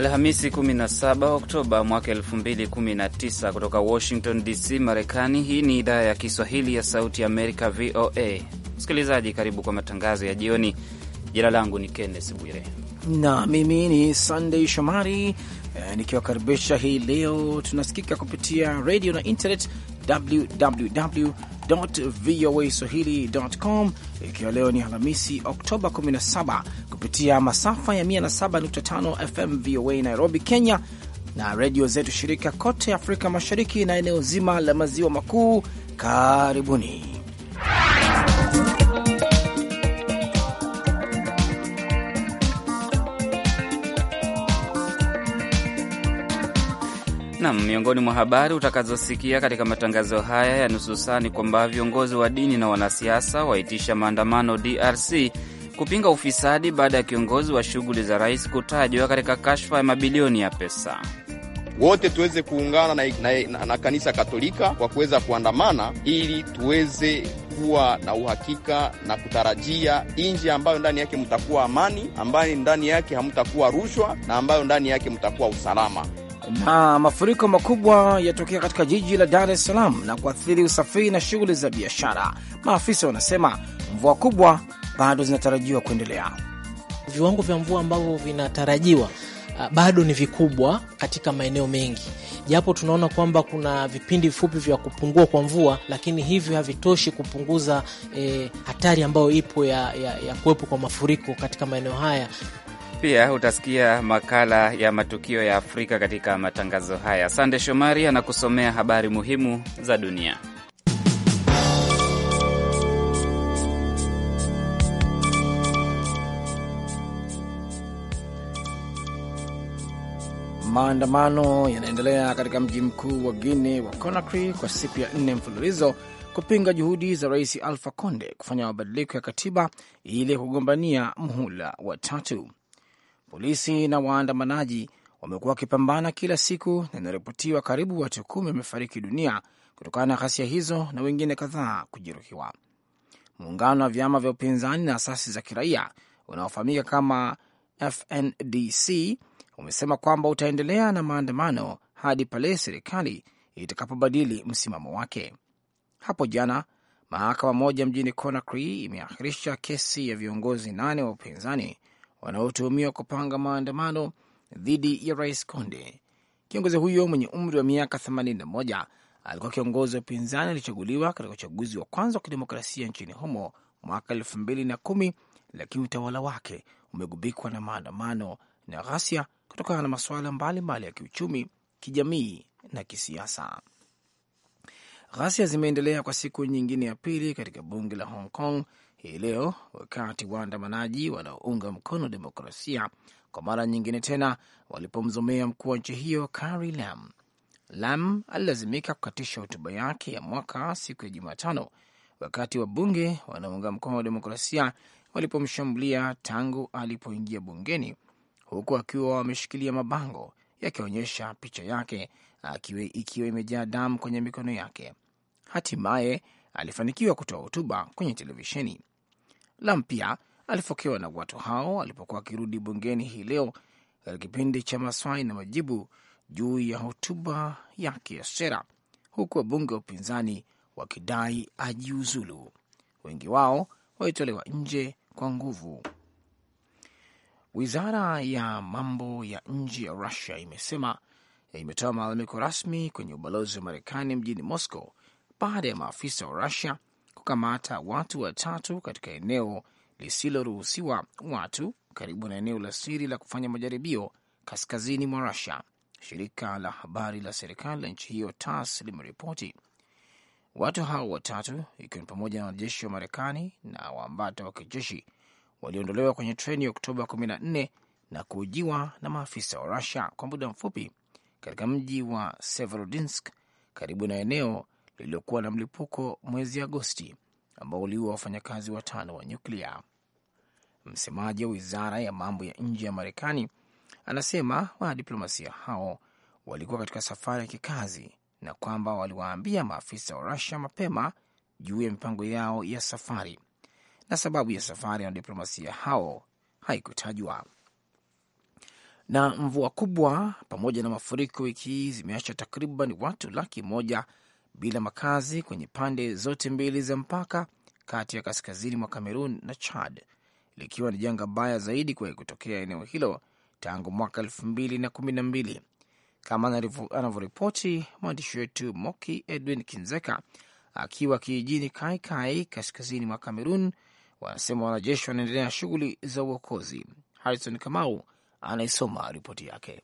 Alhamisi 17 Oktoba mwaka 2019 kutoka Washington DC, Marekani. Hii ni idhaa ya Kiswahili ya Sauti ya Amerika, VOA. Msikilizaji, karibu kwa matangazo ya jioni. Jina langu ni Kenneth Bwire na mimi ni Sunday Shomari. E, nikiwakaribisha hii leo tunasikika kupitia redio na internet www voa swahili.com, ikiwa leo ni Alhamisi Oktoba 17, kupitia masafa ya 107.5 FM VOA Nairobi, Kenya, na redio zetu shirika kote Afrika Mashariki na eneo zima la maziwa makuu. Karibuni Nam, miongoni mwa habari utakazosikia katika matangazo haya ya nusu saa ni kwamba viongozi wa dini na wanasiasa waitisha maandamano DRC kupinga ufisadi baada ya kiongozi wa shughuli za rais kutajwa katika kashfa ya mabilioni ya pesa. Wote tuweze kuungana na, na, na, na kanisa Katolika kwa kuweza kuandamana ili tuweze kuwa na uhakika na kutarajia nchi ambayo ndani yake mtakuwa amani, ambayo ndani yake hamtakuwa rushwa na ambayo ndani yake mtakuwa usalama. Na mafuriko makubwa yatokea katika jiji la Dar es Salaam na kuathiri usafiri na shughuli za biashara. Maafisa wanasema mvua kubwa bado zinatarajiwa kuendelea. Viwango vya mvua ambavyo vinatarajiwa ah, bado ni vikubwa katika maeneo mengi, japo tunaona kwamba kuna vipindi vifupi vya kupungua kwa mvua, lakini hivyo havitoshi kupunguza e, hatari ambayo ipo ya, ya, ya kuwepo kwa mafuriko katika maeneo haya pia utasikia makala ya matukio ya Afrika katika matangazo haya. Sande Shomari anakusomea habari muhimu za dunia. Maandamano yanaendelea katika mji mkuu wa guine wa Conakry kwa siku ya nne mfululizo kupinga juhudi za Rais alfa Conde kufanya mabadiliko ya katiba ili kugombania mhula wa tatu. Polisi na waandamanaji wamekuwa wakipambana kila siku na inaripotiwa karibu watu kumi wamefariki dunia kutokana na ghasia hizo na wengine kadhaa kujeruhiwa. Muungano wa vyama vya upinzani na asasi za kiraia unaofahamika kama FNDC umesema kwamba utaendelea na maandamano hadi pale serikali itakapobadili msimamo wake. Hapo jana mahakama moja mjini Conakry imeahirisha kesi ya viongozi nane wa upinzani wanaotuhumiwa kupanga maandamano dhidi ya rais Conde. Kiongozi huyo mwenye umri wa miaka 81 alikuwa kiongozi wa upinzani alichaguliwa katika uchaguzi wa kwanza wa kidemokrasia nchini humo mwaka elfu mbili na kumi, lakini utawala wake umegubikwa na maandamano na ghasia kutokana na masuala mbalimbali ya kiuchumi, kijamii na kisiasa. Ghasia zimeendelea kwa siku nyingine ya pili katika bunge la Hong Kong hii leo, wakati waandamanaji wanaounga mkono demokrasia kwa mara nyingine tena walipomzomea mkuu wa nchi hiyo Carrie Lam. Lam alilazimika kukatisha hotuba yake ya mwaka siku ya Jumatano wakati wa bunge wanaunga mkono wa demokrasia walipomshambulia tangu alipoingia bungeni, huku akiwa wameshikilia mabango yakionyesha picha yake akiwe ikiwa imejaa damu kwenye mikono yake. Hatimaye alifanikiwa kutoa hotuba kwenye televisheni. Lampia alifokewa na watu hao alipokuwa akirudi bungeni hii leo katika kipindi cha maswali na majibu juu ya hotuba yake ya sera, huku wabunge wa upinzani wakidai ajiuzulu. Wengi wao walitolewa nje kwa nguvu. Wizara ya mambo ya nje ya Rusia imesema imetoa malalamiko rasmi kwenye ubalozi wa Marekani mjini Moscow baada ya maafisa wa Rusia kukamata watu watatu katika eneo lisiloruhusiwa watu karibu na eneo la siri la kufanya majaribio kaskazini mwa Rusia. Shirika la habari la serikali la nchi hiyo tas limeripoti watu hao watatu, ikiwa ni pamoja na wanajeshi wa Marekani na waambata wa kijeshi, waliondolewa kwenye treni ya Oktoba 14 na kuujiwa na maafisa wa Rusia kwa muda mfupi katika mji wa Severodinsk karibu na eneo lililokuwa na mlipuko mwezi Agosti ambao uliua wafanyakazi watano wa nyuklia. Msemaji wa wizara ya mambo ya nje ya Marekani anasema wanadiplomasia hao walikuwa katika safari ya kikazi na kwamba waliwaambia maafisa wa Rusia mapema juu ya mipango yao ya safari, na sababu ya safari ya wanadiplomasia hao haikutajwa. Na mvua kubwa pamoja na mafuriko wiki hii zimeacha takriban watu laki moja bila makazi kwenye pande zote mbili za mpaka kati ya kaskazini mwa Kamerun na Chad, likiwa ni janga baya zaidi kuwahi kutokea eneo hilo tangu mwaka elfu mbili na kumi na mbili kama anavyoripoti mwandishi wetu Moki Edwin Kinzeka akiwa kijijini Kaikai, kaskazini mwa Kamerun. Wanasema wanajeshi wanaendelea shughuli za uokozi. Harrison Kamau anaisoma ripoti yake.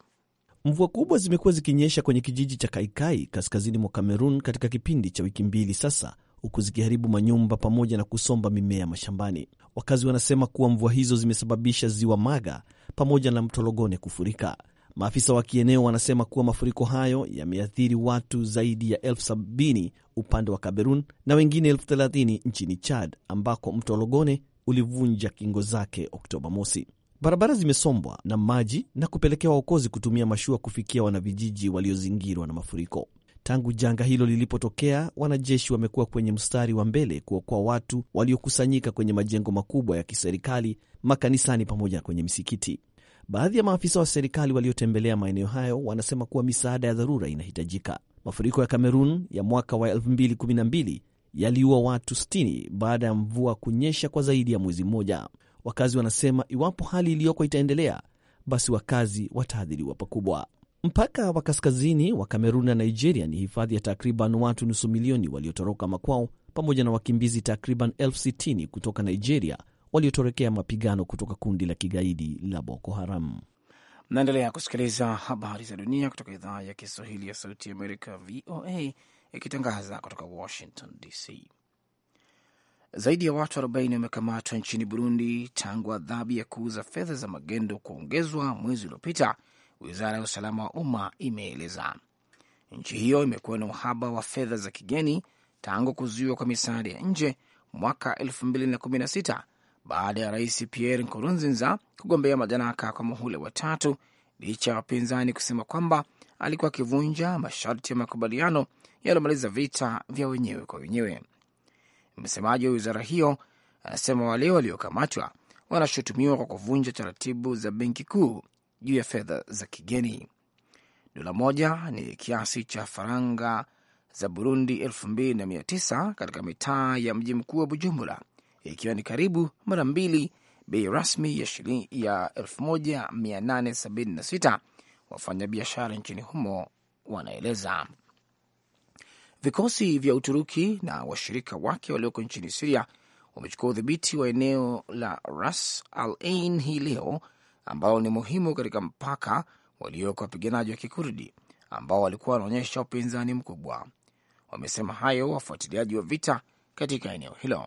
Mvua kubwa zimekuwa zikinyesha kwenye kijiji cha Kaikai kaskazini mwa Kamerun katika kipindi cha wiki mbili sasa, huku zikiharibu manyumba pamoja na kusomba mimea mashambani. Wakazi wanasema kuwa mvua hizo zimesababisha ziwa Maga pamoja na mto Logone kufurika. Maafisa wa kieneo wanasema kuwa mafuriko hayo yameathiri watu zaidi ya elfu sabini upande wa Kamerun na wengine elfu thelathini nchini Chad, ambako mto Logone ulivunja kingo zake Oktoba mosi. Barabara zimesombwa na maji na kupelekea waokozi kutumia mashua kufikia wanavijiji waliozingirwa na mafuriko. Tangu janga hilo lilipotokea, wanajeshi wamekuwa kwenye mstari wa mbele kuokoa watu waliokusanyika kwenye majengo makubwa ya kiserikali, makanisani, pamoja na kwenye misikiti. Baadhi ya maafisa wa serikali waliotembelea maeneo hayo wanasema kuwa misaada ya dharura inahitajika. Mafuriko ya Kamerun ya mwaka wa 2012 yaliua watu 60 baada ya mvua kunyesha kwa zaidi ya mwezi mmoja. Wakazi wanasema iwapo hali iliyoko itaendelea, basi wakazi wataathiriwa pakubwa. Mpaka wa kaskazini wa Kamerun na Nigeria ni hifadhi ya takriban watu nusu milioni waliotoroka makwao pamoja na wakimbizi takriban elfu sitini kutoka Nigeria waliotorekea mapigano kutoka kundi la kigaidi la Boko Haram. Mnaendelea kusikiliza habari za dunia kutoka idhaa ya Kiswahili ya Sauti ya Amerika, VOA, ikitangaza kutoka Washington DC. Zaidi ya watu 40 wamekamatwa nchini Burundi tangu adhabu ya kuuza fedha za magendo kuongezwa mwezi uliopita, wizara ya usalama wa umma imeeleza. Nchi hiyo imekuwa na uhaba wa fedha za kigeni tangu kuzuiwa kwa misaada ya nje mwaka 2016 baada ya rais Pierre Nkurunziza kugombea madaraka kwa muhula wa tatu, licha ya wapinzani kusema kwamba alikuwa akivunja masharti ya makubaliano yaliyomaliza vita vya wenyewe kwa wenyewe. Msemaji wa wizara hiyo anasema wale waliokamatwa wanashutumiwa kwa kuvunja taratibu za benki kuu juu ya fedha za kigeni. Dola moja ni kiasi cha faranga za Burundi 29 katika mitaa ya mji mkuu wa Bujumbura, ikiwa ni karibu mara mbili bei rasmi ya shilingi ya 1876 wafanyabiashara nchini humo wanaeleza. Vikosi vya Uturuki na washirika wake walioko nchini Siria wamechukua udhibiti wa eneo la Ras al Ain hii leo, ambalo ni muhimu katika mpaka walioko wapiganaji wa Kikurdi ambao walikuwa wanaonyesha upinzani mkubwa. Wamesema hayo wafuatiliaji wa vita katika eneo hilo.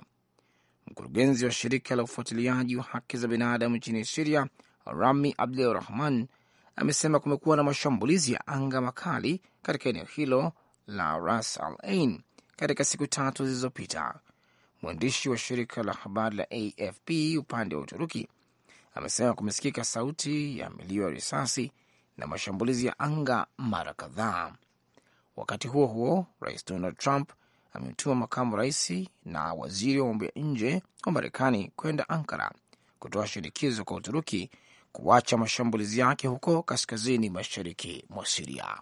Mkurugenzi wa shirika la ufuatiliaji wa haki za binadamu nchini Siria, Rami Abdul Rahman, amesema kumekuwa na mashambulizi ya anga makali katika eneo hilo la Ras Al Ain katika siku tatu zilizopita. Mwandishi wa shirika la habari la AFP upande wa Uturuki amesema kumesikika sauti ya milio ya risasi na mashambulizi ya anga mara kadhaa. Wakati huo huo, rais Donald Trump amemtuma makamu rais na waziri wa mambo ya nje wa Marekani kwenda Ankara kutoa shinikizo kwa Uturuki kuacha mashambulizi yake huko kaskazini mashariki mwa Siria.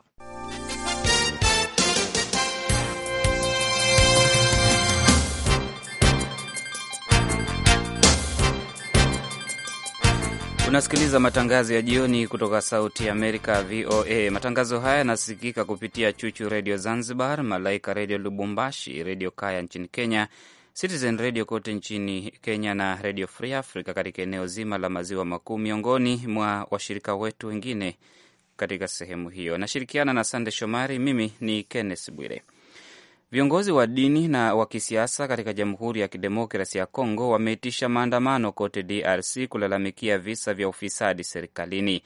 Unasikiliza matangazo ya jioni kutoka Sauti ya Amerika, VOA. Matangazo haya yanasikika kupitia Chuchu Redio Zanzibar, Malaika Redio Lubumbashi, Redio Kaya nchini Kenya, Citizen Redio kote nchini Kenya na Redio Free Africa katika eneo zima la maziwa makuu, miongoni mwa washirika wetu wengine katika sehemu hiyo. Nashirikiana na Sande Shomari. Mimi ni Kenneth Bwire. Viongozi wa dini na wa kisiasa katika Jamhuri ya Kidemokrasi ya Kongo wameitisha maandamano kote DRC kulalamikia visa vya ufisadi serikalini.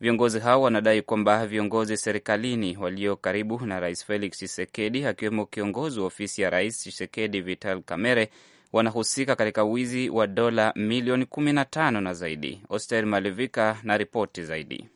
Viongozi hao wanadai kwamba viongozi serikalini walio karibu na Rais Felix Tshisekedi, akiwemo kiongozi wa ofisi ya Rais Tshisekedi Vital Kamerhe, wanahusika katika wizi wa dola milioni 15 na zaidi. Oster Malivika na ripoti zaidi.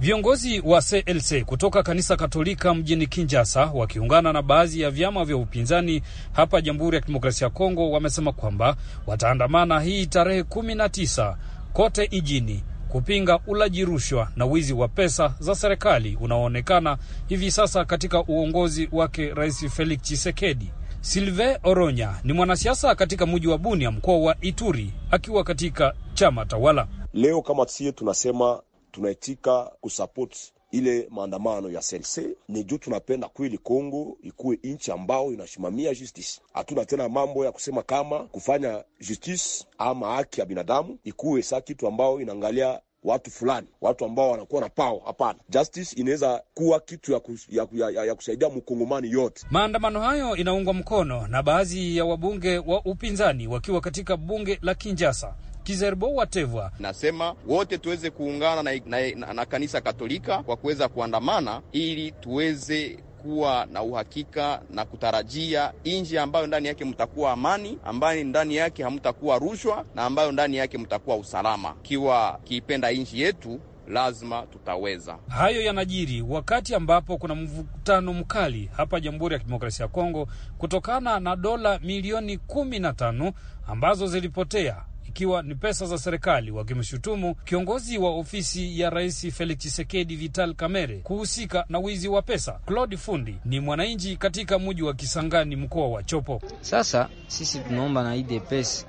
Viongozi wa CLC kutoka kanisa Katolika mjini Kinjasa wakiungana na baadhi ya vyama vya upinzani hapa Jamhuri ya Kidemokrasia ya Kongo wamesema kwamba wataandamana hii tarehe kumi na tisa kote ijini kupinga ulaji rushwa na wizi wa pesa za serikali unaoonekana hivi sasa katika uongozi wake Rais Felix Tshisekedi. silve Oronya ni mwanasiasa katika mji wa Bunia, mkoa wa Ituri, akiwa katika chama tawala. Leo kama sie tunasema tunaitika kusapoti ile maandamano ya CLC ni juu tunapenda kweli Kongo ikuwe nchi ambao inasimamia justice. Hatuna tena mambo ya kusema kama kufanya justice ama haki ya binadamu ikuwe saa kitu ambao inaangalia watu fulani, watu ambao wanakuwa na pao. Hapana, justice inaweza kuwa kitu ya, kus, ya, ya, ya kusaidia mkongomani yote. Maandamano hayo inaungwa mkono na baadhi ya wabunge wa upinzani wakiwa katika bunge la kinjasa Kizerbo Watevwa nasema wote tuweze kuungana na, na, na, na kanisa Katolika kwa kuweza kuandamana ili tuweze kuwa na uhakika na kutarajia nchi ambayo ndani yake mtakuwa amani, ambayo ndani yake hamtakuwa rushwa na ambayo ndani yake mtakuwa usalama. Ikiwa kiipenda nchi yetu lazima tutaweza. Hayo yanajiri wakati ambapo kuna mvutano mkali hapa Jamhuri ya Kidemokrasia ya Kongo kutokana na dola milioni kumi na tano ambazo zilipotea ikiwa ni pesa za serikali, wakimshutumu kiongozi wa ofisi ya Rais Felix chisekedi Vital Kamerhe kuhusika na wizi wa pesa. Claude Fundi ni mwananchi katika mji wa Kisangani, mkoa wa Chopo. Sasa sisi tunaomba na IDPS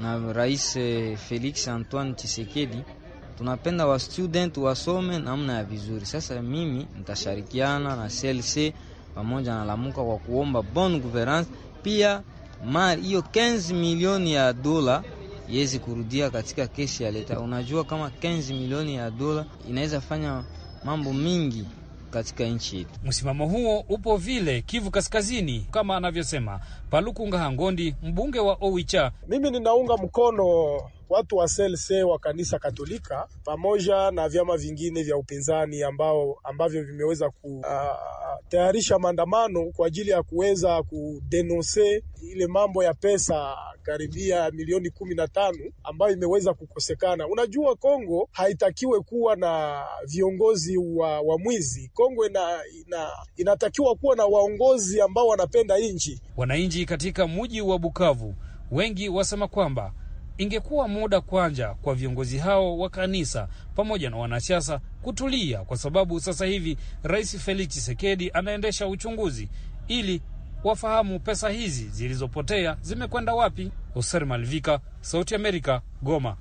na Rais eh, Felix Antoine chisekedi tunapenda wa student wasome namna ya vizuri. Sasa mimi nitashirikiana na CLC pamoja na Lamuka kwa kuomba bon governance, pia hiyo 15 milioni ya dola yezi kurudia katika kesi ya leta. Unajua kama 15 milioni ya dola inaweza fanya mambo mingi katika nchi yetu. Msimamo huo upo vile Kivu Kaskazini, kama anavyosema Paluku Ngahangondi, mbunge wa Owicha. Mimi ninaunga mkono watu wa CLC wa kanisa Katolika pamoja na vyama vingine vya upinzani ambao ambavyo vimeweza kutayarisha uh, maandamano kwa ajili ya kuweza kudenonse ile mambo ya pesa karibia milioni kumi na tano ambayo imeweza kukosekana. Unajua, Kongo haitakiwe kuwa na viongozi wa, wa mwizi. Kongo ina, ina, inatakiwa kuwa na waongozi ambao wanapenda nchi. Wananchi katika mji wa Bukavu wengi wasema kwamba Ingekuwa muda kwanja kwa viongozi hao wa kanisa pamoja na wanasiasa kutulia, kwa sababu sasa hivi Rais Felix Tshisekedi anaendesha uchunguzi ili wafahamu pesa hizi zilizopotea zimekwenda wapi. Hoser Malvika, Sauti Amerika, Goma.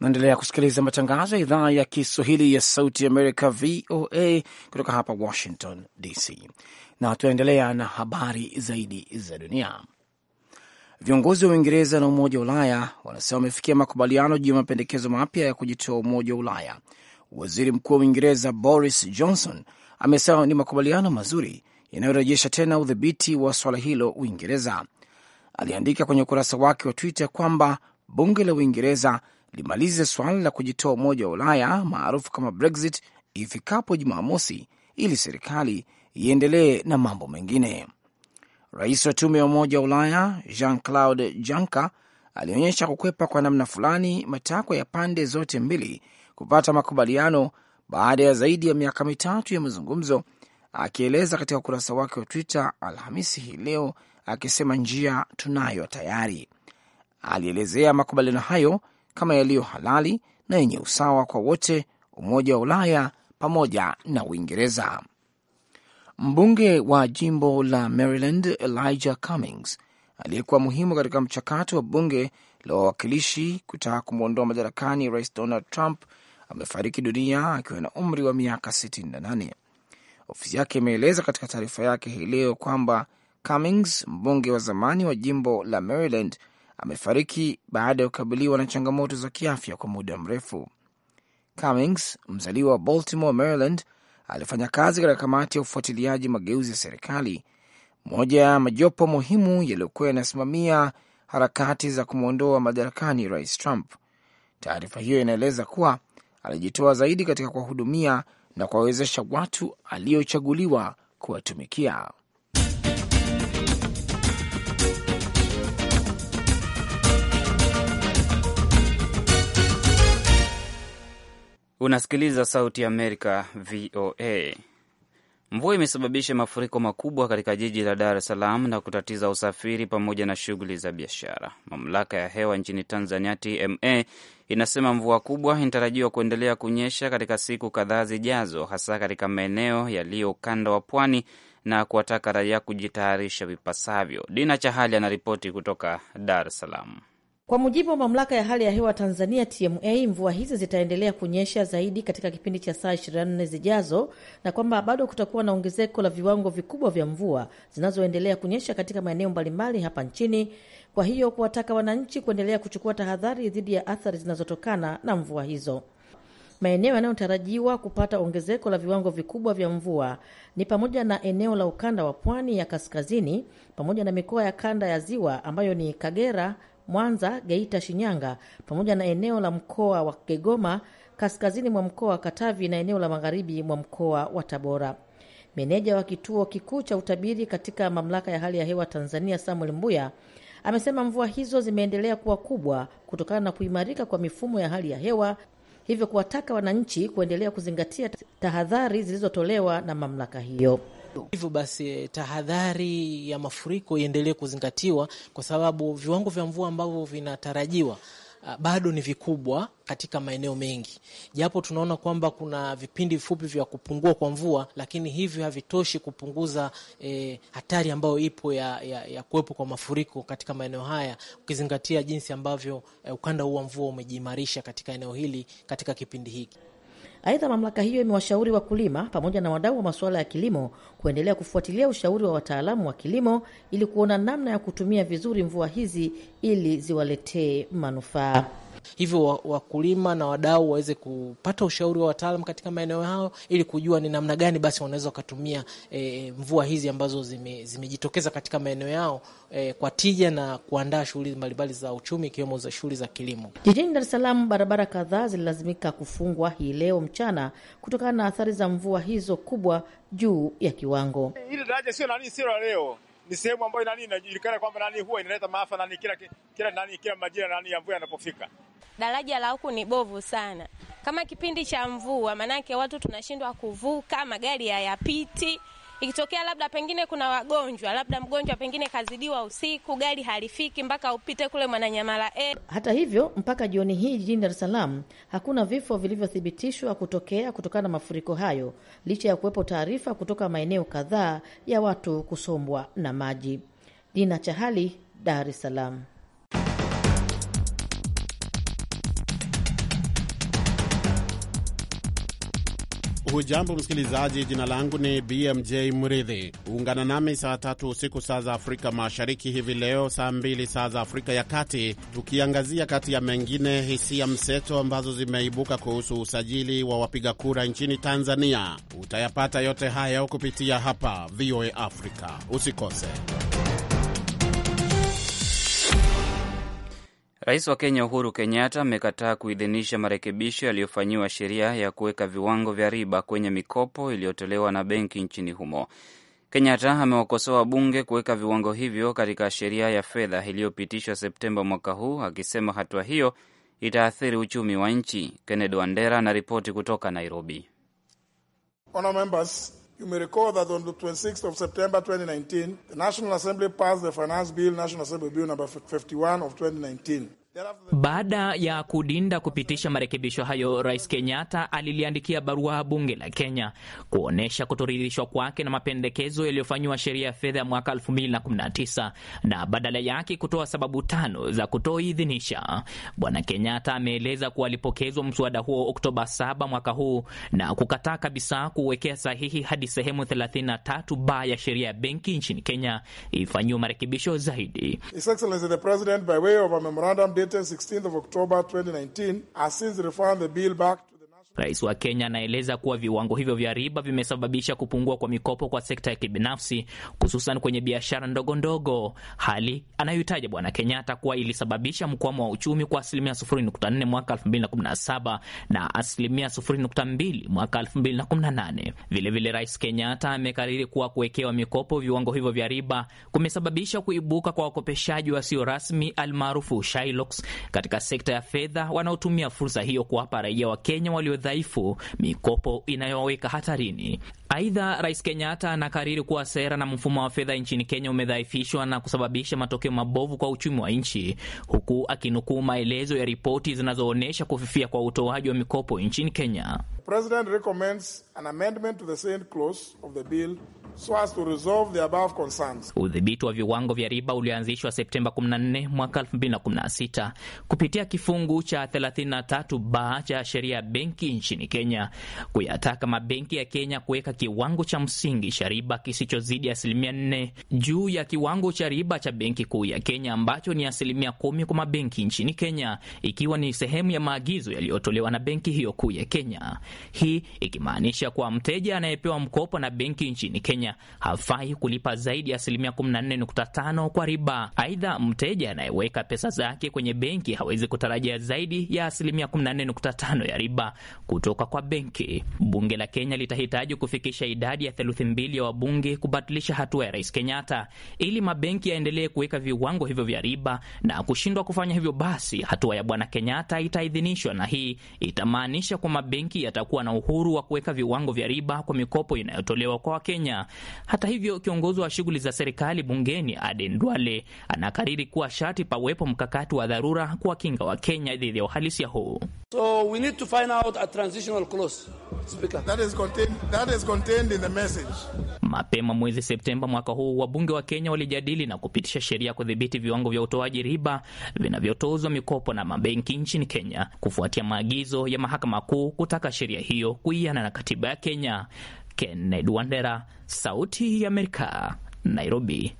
Naendelea kusikiliza matangazo ya idhaa ya Kiswahili ya Sauti Amerika, VOA, kutoka hapa Washington DC na tunaendelea na habari zaidi za dunia. Viongozi wa Uingereza na Umoja wa Ulaya wanasema wamefikia makubaliano juu ya mapendekezo mapya ya kujitoa Umoja wa Ulaya. Waziri Mkuu wa Uingereza Boris Johnson amesema ni makubaliano mazuri yanayorejesha tena udhibiti wa swala hilo Uingereza. Aliandika kwenye ukurasa wake wa Twitter kwamba bunge la Uingereza limalize swala la kujitoa Umoja wa Ulaya maarufu kama Brexit ifikapo Jumaa mosi ili serikali iendelee na mambo mengine. Rais wa tume ya Umoja wa Ulaya Jean Claude Juncker alionyesha kukwepa kwa namna fulani matakwa ya pande zote mbili kupata makubaliano baada ya zaidi ya miaka mitatu ya mazungumzo, akieleza katika ukurasa wake wa Twitter Alhamisi hii leo akisema njia tunayo tayari. Alielezea makubaliano hayo kama yaliyo halali na yenye usawa kwa wote, Umoja wa Ulaya pamoja na Uingereza. Mbunge wa jimbo la Maryland Elijah Cummings aliyekuwa muhimu katika mchakato wa bunge la wawakilishi kutaka kumwondoa madarakani rais Donald Trump amefariki dunia akiwa na umri wa miaka 68. Ofisi yake imeeleza katika taarifa yake hii leo kwamba Cummings, mbunge wa zamani wa jimbo la Maryland, amefariki baada ya kukabiliwa na changamoto za kiafya kwa muda mrefu. Cummings, mzaliwa wa Baltimore, Maryland, alifanya kazi katika kamati ya ufuatiliaji mageuzi ya serikali, moja ya majopo muhimu yaliyokuwa yanasimamia harakati za kumwondoa madarakani rais Trump. Taarifa hiyo inaeleza kuwa alijitoa zaidi katika kuwahudumia na kuwawezesha watu aliochaguliwa kuwatumikia. Unasikiliza Sauti Amerika, VOA. Mvua imesababisha mafuriko makubwa katika jiji la Dar es Salaam na kutatiza usafiri pamoja na shughuli za biashara. Mamlaka ya hewa nchini Tanzania, TMA, inasema mvua kubwa inatarajiwa kuendelea kunyesha katika siku kadhaa zijazo, hasa katika maeneo yaliyo ukanda wa pwani na kuwataka raia kujitayarisha vipasavyo. Dina Chahali anaripoti kutoka Dar es Salaam. Kwa mujibu wa mamlaka ya hali ya hewa Tanzania, TMA, mvua hizi zitaendelea kunyesha zaidi katika kipindi cha saa 24 zijazo na kwamba bado kutakuwa na ongezeko la viwango vikubwa vya mvua zinazoendelea kunyesha katika maeneo mbalimbali hapa nchini. Kwa hiyo kuwataka wananchi kuendelea kuchukua tahadhari dhidi ya athari zinazotokana na mvua hizo. Maeneo yanayotarajiwa kupata ongezeko la viwango vikubwa vya mvua ni pamoja na eneo la ukanda wa pwani ya kaskazini pamoja na mikoa ya kanda ya ziwa ambayo ni Kagera, Mwanza, Geita, Shinyanga pamoja na eneo la mkoa wa Kigoma, kaskazini mwa mkoa wa Katavi na eneo la magharibi mwa mkoa wa Tabora. Meneja wa kituo kikuu cha utabiri katika mamlaka ya hali ya hewa Tanzania, Samuel Mbuya, amesema mvua hizo zimeendelea kuwa kubwa kutokana na kuimarika kwa mifumo ya hali ya hewa, hivyo kuwataka wananchi kuendelea kuzingatia tahadhari zilizotolewa na mamlaka hiyo tatu. Hivyo basi eh, tahadhari ya mafuriko iendelee kuzingatiwa kwa sababu viwango vya mvua ambavyo vinatarajiwa ah, bado ni vikubwa katika maeneo mengi, japo tunaona kwamba kuna vipindi vifupi vya kupungua kwa mvua, lakini hivyo havitoshi kupunguza e, hatari ambayo ipo ya, ya, ya kuwepo kwa mafuriko katika maeneo haya, ukizingatia jinsi ambavyo e, ukanda huu wa mvua umejiimarisha katika eneo hili katika kipindi hiki. Aidha, mamlaka hiyo imewashauri wakulima pamoja na wadau wa masuala ya kilimo kuendelea kufuatilia ushauri wa wataalamu wa kilimo ili kuona namna ya kutumia vizuri mvua hizi ili ziwaletee manufaa hivyo wakulima na wadau waweze kupata ushauri wa wataalam katika maeneo yao ili kujua ni namna gani basi wanaweza wakatumia e, mvua hizi ambazo zimejitokeza zime katika maeneo yao e, kwa tija na kuandaa shughuli mbalimbali za uchumi ikiwemo za shughuli za kilimo. Jijini Dar es Salaam, barabara kadhaa zililazimika kufungwa hii leo mchana kutokana na athari za mvua hizo kubwa juu ya kiwango. Hili eh, daraja sio nani, sio leo, ni sehemu ambayo nani inajulikana kwamba nani huwa inaleta maafa nani kila kila nani kila majira nani ya mvua yanapofika. Daraja la huku ni bovu sana, kama kipindi cha mvua, maanake watu tunashindwa kuvuka, magari hayapiti. Ikitokea labda pengine kuna wagonjwa, labda mgonjwa pengine kazidiwa usiku, gari halifiki mpaka upite kule Mwananyamala e. Hata hivyo, mpaka jioni hii jijini Dar es Salaam hakuna vifo vilivyothibitishwa kutokea kutokana na mafuriko hayo, licha ya kuwepo taarifa kutoka maeneo kadhaa ya watu kusombwa na maji. Dina Chahali, Dar es Salaam. Hujambo msikilizaji, jina langu ni BMJ Mridhi. Ungana nami saa tatu usiku saa za Afrika Mashariki hivi leo, saa mbili saa za Afrika ya Kati, tukiangazia kati ya mengine hisia mseto ambazo zimeibuka kuhusu usajili wa wapiga kura nchini Tanzania. Utayapata yote hayo kupitia hapa VOA Africa, usikose. Rais wa Kenya Uhuru Kenyatta amekataa kuidhinisha marekebisho yaliyofanyiwa sheria ya kuweka viwango vya riba kwenye mikopo iliyotolewa na benki nchini humo. Kenyatta amewakosoa bunge kuweka viwango hivyo katika sheria ya fedha iliyopitishwa Septemba mwaka huu, akisema hatua hiyo itaathiri uchumi wa nchi. Kennedy Wandera anaripoti kutoka Nairobi. Bill, Bill baada ya kudinda kupitisha marekebisho hayo, Rais Kenyatta aliliandikia barua bunge la Kenya kuonyesha kutoridhishwa kwake na mapendekezo yaliyofanyiwa sheria ya fedha ya mwaka 2019 na badala yake kutoa sababu tano za kutoidhinisha. Bwana Kenyatta ameeleza kuwa alipokezwa mswada huo Oktoba 7 mwaka huu na kukataa kabisa kuwekea sahihi hadi sehemu 33 ba ya sheria ya benki nchini Kenya ifanyiwe marekebisho zaidi. His Excellency the President by way of a memorandum dated 16th of October 2019, has since referred the bill back Rais wa Kenya anaeleza kuwa viwango hivyo vya riba vimesababisha kupungua kwa mikopo kwa sekta ya kibinafsi, hususan kwenye biashara ndogo ndogo, hali anayoitaja Bwana Kenyatta kuwa ilisababisha mkwamo wa uchumi kwa asilimia 0.4 mwaka 2017 na asilimia 0.2 mwaka 2018. Vilevile, Rais Kenyatta amekariri kuwa kuwekewa mikopo viwango hivyo vya riba kumesababisha kuibuka kwa wakopeshaji wasio rasmi almaarufu Shylocks katika sekta ya fedha, wanaotumia fursa hiyo kuwapa raia wa Kenya walio dhaifu, mikopo inayoweka hatarini. Aidha, Rais Kenyatta anakariri kuwa sera na mfumo wa fedha nchini Kenya umedhaifishwa na kusababisha matokeo mabovu kwa uchumi wa nchi, huku akinukuu maelezo ya ripoti zinazoonyesha kufifia kwa utoaji wa mikopo nchini Kenya. The so as to resolve the above concerns. Udhibiti wa viwango vya riba ulioanzishwa Septemba 14 mwaka 2016 kupitia kifungu cha 33 ba cha sheria ya benki nchini Kenya kuyataka mabenki ya Kenya kuweka kiwango cha msingi cha riba kisichozidi asilimia 4 juu ya kiwango cha riba cha Benki Kuu ya Kenya ambacho ni asilimia kumi kwa mabenki nchini Kenya, ikiwa ni sehemu ya maagizo yaliyotolewa na benki hiyo kuu ya Kenya, hii ikimaanisha kuwa mteja anayepewa mkopo na benki nchini Kenya Kenya hafai kulipa zaidi ya asilimia 14.5 kwa riba. Aidha, mteja anayeweka pesa zake kwenye benki hawezi kutarajia zaidi ya asilimia 14.5 ya riba kutoka kwa benki. Bunge la Kenya litahitaji kufikisha idadi ya theluthi mbili ya wabunge kubatilisha hatua ya Rais Kenyatta ili mabenki yaendelee kuweka viwango hivyo vya riba, na kushindwa kufanya hivyo, basi hatua ya Bwana Kenyatta itaidhinishwa, na hii itamaanisha kwa mabenki yatakuwa na uhuru wa kuweka viwango vya riba kwa mikopo inayotolewa kwa Wakenya. Hata hivyo, kiongozi wa shughuli za serikali bungeni Aden Duale anakariri kuwa shati pawepo mkakati wa dharura kuwakinga wa Kenya dhidi ya uhalisia huu. So we need to find out a transitional clause. That is contained, that is contained in the message. Mapema mwezi Septemba mwaka huu wabunge wa Kenya walijadili na kupitisha sheria kudhibiti viwango vya utoaji riba vinavyotozwa mikopo na mabenki nchini Kenya kufuatia maagizo ya mahakama kuu kutaka sheria hiyo kuiana na katiba ya Kenya. Kennedy Wandera, Sauti ya Amerika, Nairobi.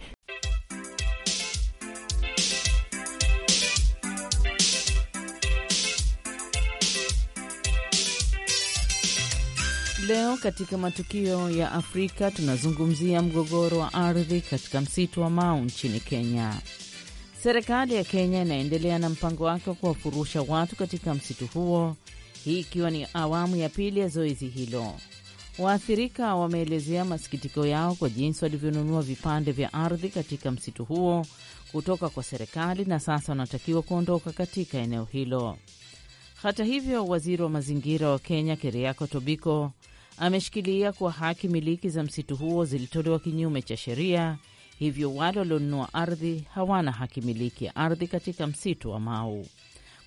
Leo katika matukio ya Afrika tunazungumzia mgogoro wa ardhi katika msitu wa Mau nchini Kenya. Serikali ya Kenya inaendelea na mpango wake wa kuwafurusha watu katika msitu huo, hii ikiwa ni awamu ya pili ya zoezi hilo. Waathirika wameelezea masikitiko yao kwa jinsi walivyonunua vipande vya ardhi katika msitu huo kutoka kwa serikali na sasa wanatakiwa kuondoka katika eneo hilo. Hata hivyo, waziri wa mazingira wa Kenya Keriako Tobiko ameshikilia kuwa haki miliki za msitu huo zilitolewa kinyume cha sheria, hivyo wale walionunua ardhi hawana haki miliki ya ardhi katika msitu wa Mau.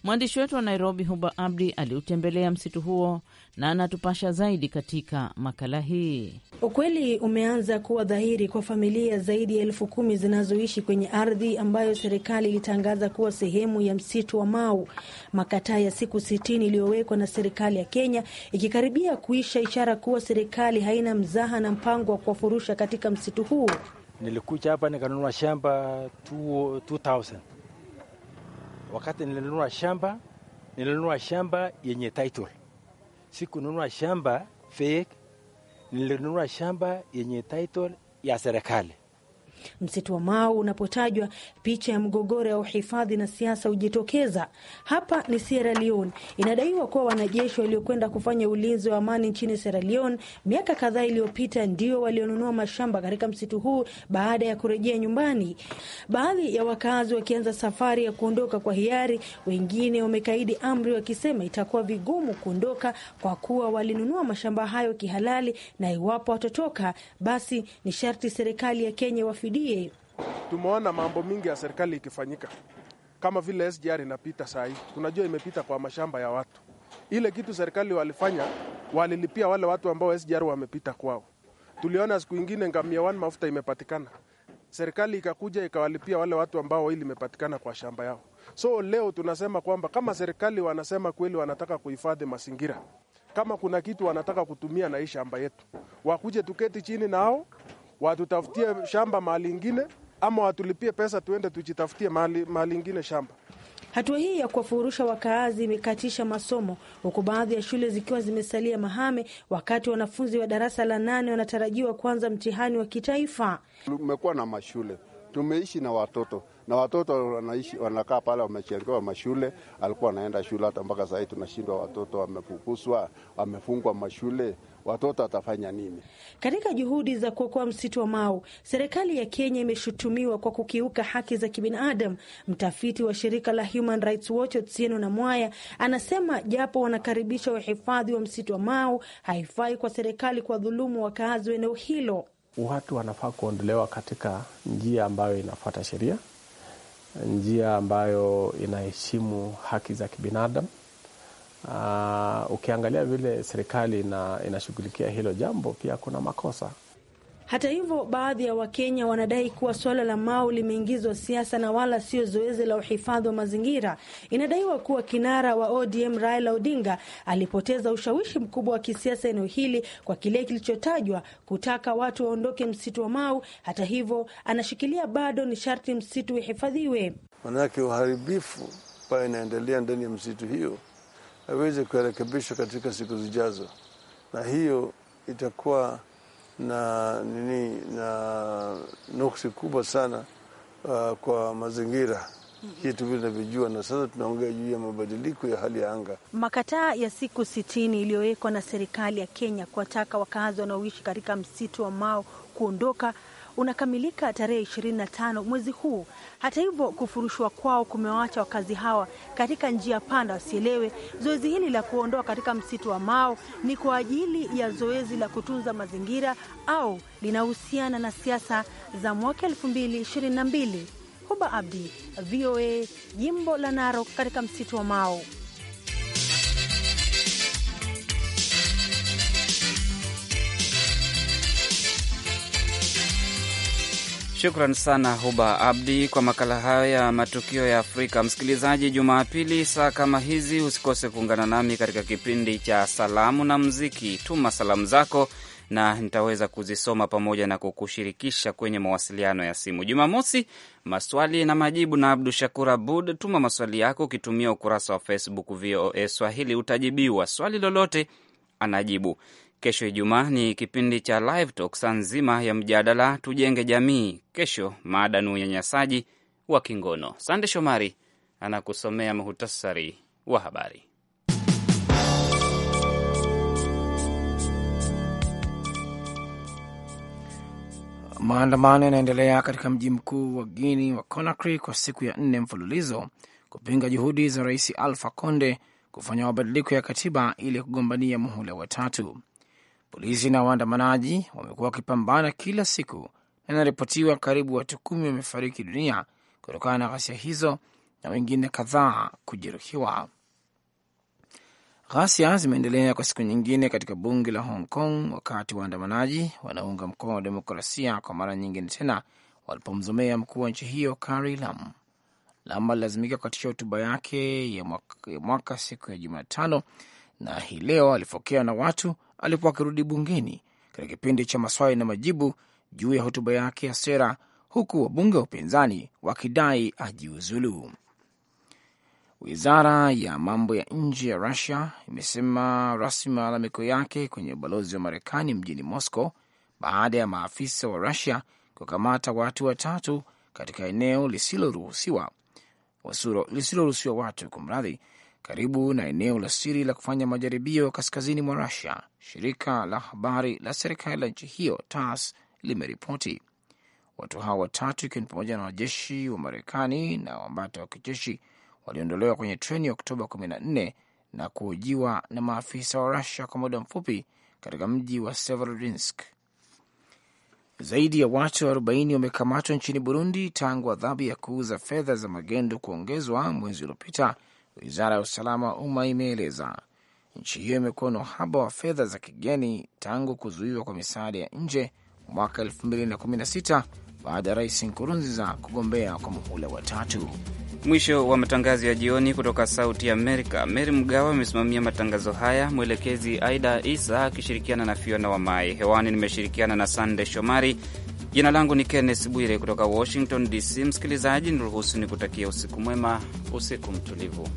Mwandishi wetu wa Nairobi, Huba Abdi, aliutembelea msitu huo na anatupasha zaidi katika makala hii. Ukweli umeanza kuwa dhahiri kwa familia zaidi ya elfu kumi zinazoishi kwenye ardhi ambayo serikali ilitangaza kuwa sehemu ya msitu wa Mau. Makataa ya siku sitini iliyowekwa na serikali ya Kenya ikikaribia kuisha, ishara kuwa serikali haina mzaha na mpango wa kuwafurusha katika msitu huu. Nilikuja hapa nikanunua shamba 2000 Wakati nilinunua shamba, nilinunua shamba yenye title, sikununua shamba fake. Nilinunua shamba yenye title ya serikali. Msitu wa Mau unapotajwa, picha ya mgogoro ya uhifadhi na siasa hujitokeza. Hapa ni Sierra Leone. Inadaiwa kuwa wanajeshi waliokwenda kufanya ulinzi wa amani nchini Sierra Leone miaka kadhaa iliyopita ndio walionunua mashamba katika msitu huu baada ya kurejea nyumbani, baadhi ya wakazi wakianza safari ya kuondoka kwa hiari, wengine wamekaidi amri wakisema itakuwa vigumu kuondoka kwa kuwa walinunua mashamba hayo kihalali, na iwapo watotoka, basi ni sharti serikali ya Kenya wafidu itusaidie. Tumeona mambo mingi ya serikali ikifanyika kama vile SGR inapita saa hii, tunajua imepita kwa mashamba ya watu. Ile kitu serikali walifanya, walilipia wale watu ambao SGR wamepita kwao. Tuliona siku ingine ngamia one mafuta imepatikana, serikali ikakuja ikawalipia wale watu ambao ili imepatikana kwa shamba yao. So leo tunasema kwamba kama serikali wanasema kweli wanataka kuhifadhi mazingira, kama kuna kitu wanataka kutumia na hii shamba yetu, wakuje tuketi chini nao watutafutie shamba mahali ingine, ama watulipie pesa tuende tujitafutie mahali ingine shamba. Hatua hii ya kuwafurusha wakaazi imekatisha masomo, huku baadhi ya shule zikiwa zimesalia mahame, wakati wanafunzi wa darasa la nane wanatarajiwa kuanza mtihani wa kitaifa. Tumekuwa na mashule, tumeishi na watoto na watoto wanaishi wanakaa pale, wamechengewa mashule, alikuwa anaenda shule hata mpaka saa hii tunashindwa, watoto wamefukuswa, wamefungwa mashule watoto watafanya nini? Katika juhudi za kuokoa msitu wa Mau, serikali ya Kenya imeshutumiwa kwa kukiuka haki za kibinadamu. Mtafiti wa shirika la Human Rights Watch na Mwaya anasema japo wanakaribisha uhifadhi wa msitu wa Mau, haifai kwa serikali kwa dhulumu wakaazi wa eneo hilo. Watu wanafaa kuondolewa katika njia ambayo inafuata sheria, njia ambayo inaheshimu haki za kibinadamu uh, ukiangalia vile serikali inashughulikia hilo jambo pia kuna makosa. Hata hivyo, baadhi ya Wakenya wanadai kuwa suala la Mau limeingizwa siasa na wala sio zoezi la uhifadhi wa mazingira. Inadaiwa kuwa kinara wa ODM Raila Odinga alipoteza ushawishi mkubwa wa kisiasa eneo hili kwa kile kilichotajwa kutaka watu waondoke msitu wa Mau. Hata hivyo, anashikilia bado ni sharti msitu uhifadhiwe, manake uharibifu ambayo inaendelea ndani ya msitu hiyo aweze kuyarekebisha katika siku zijazo, na hiyo itakuwa na nini na nuksi kubwa sana uh, kwa mazingira yetu mm-hmm. vile tunavyojua, na sasa tunaongea juu ya mabadiliko ya hali ya anga. Makataa ya siku sitini iliyowekwa na serikali ya Kenya kuwataka wakazi wanaoishi katika msitu wa Mao kuondoka unakamilika tarehe 25 mwezi huu. Hata hivyo, kufurushwa kwao kumewaacha wakazi hawa katika njia panda, wasielewe. Zoezi hili la kuondoa katika msitu wa Mao ni kwa ajili ya zoezi la kutunza mazingira au linahusiana na siasa za mwaka 2022? Huba Abdi, VOA, jimbo la Narok, katika msitu wa Mao. Shukran sana Huba Abdi kwa makala hayo ya matukio ya Afrika. Msikilizaji, Jumapili saa kama hizi usikose kuungana nami katika kipindi cha salamu na mziki. Tuma salamu zako na nitaweza kuzisoma pamoja na kukushirikisha kwenye mawasiliano ya simu. Jumamosi, maswali na majibu na Abdu Shakur Abud. Tuma maswali yako ukitumia ukurasa wa Facebook VOA Swahili, utajibiwa swali lolote anajibu. Kesho Ijumaa ni kipindi cha Live Talk saa nzima ya mjadala tujenge jamii. Kesho mada ni unyanyasaji wa kingono. Sande Shomari anakusomea muhtasari wa habari. Maandamano yanaendelea katika mji mkuu wa Guini wa Conakry kwa siku ya nne mfululizo kupinga juhudi za Rais alfa Conde kufanya mabadiliko ya katiba ili kugombania muhula wa tatu. Polisi na waandamanaji wamekuwa wakipambana kila siku na inaripotiwa karibu watu kumi wamefariki dunia kutokana na ghasia hizo na wengine kadhaa kujeruhiwa. Ghasia zimeendelea kwa siku nyingine katika bunge la Hong Kong wakati waandamanaji wanaunga mkono wa demokrasia kwa mara nyingine tena walipomzomea mkuu wa nchi hiyo Carrie Lam. Lam alilazimika kukatisha hotuba yake ya mwaka siku ya Jumatano na hii leo alifokewa na watu alipokuwa akirudi bungeni katika kipindi cha maswali na majibu juu ya hotuba yake ya sera, huku wabunge wa upinzani wakidai ajiuzulu. Wizara ya mambo ya nje ya Rusia imesema rasmi malalamiko yake kwenye ubalozi wa Marekani mjini Moscow baada ya maafisa wa Rusia kukamata watu watatu katika eneo lisiloruhusiwa lisiloruhusiwa watu kumradhi, karibu na eneo la siri la kufanya majaribio kaskazini mwa Rusia, shirika la habari la serikali la nchi hiyo TAS limeripoti. Watu hao watatu, ikiwa ni pamoja na wanajeshi wa Marekani na wambata wa kijeshi, waliondolewa kwenye treni ya Oktoba 14 na kuhojiwa na maafisa wa Rusia kwa muda mfupi katika mji wa Severodinsk. Zaidi ya watu 40 wamekamatwa nchini Burundi tangu adhabu ya kuuza fedha za magendo kuongezwa mwezi uliopita Wizara ya usalama wa umma imeeleza nchi hiyo imekuwa na uhaba wa fedha za kigeni tangu kuzuiwa kwa misaada ya nje mwaka 2016 baada ya Rais Nkurunziza kugombea kwa muhula wa tatu. Mwisho wa matangazo ya jioni kutoka Sauti Amerika. Meri Mgawa amesimamia matangazo haya, mwelekezi Aida Isa akishirikiana na Fiona Mai. Hewani nimeshirikiana na Sande Shomari. Jina langu ni Kenneth Bwire kutoka Washington DC. Msikilizaji, niruhusu ni kutakia usiku mwema, usiku mtulivu.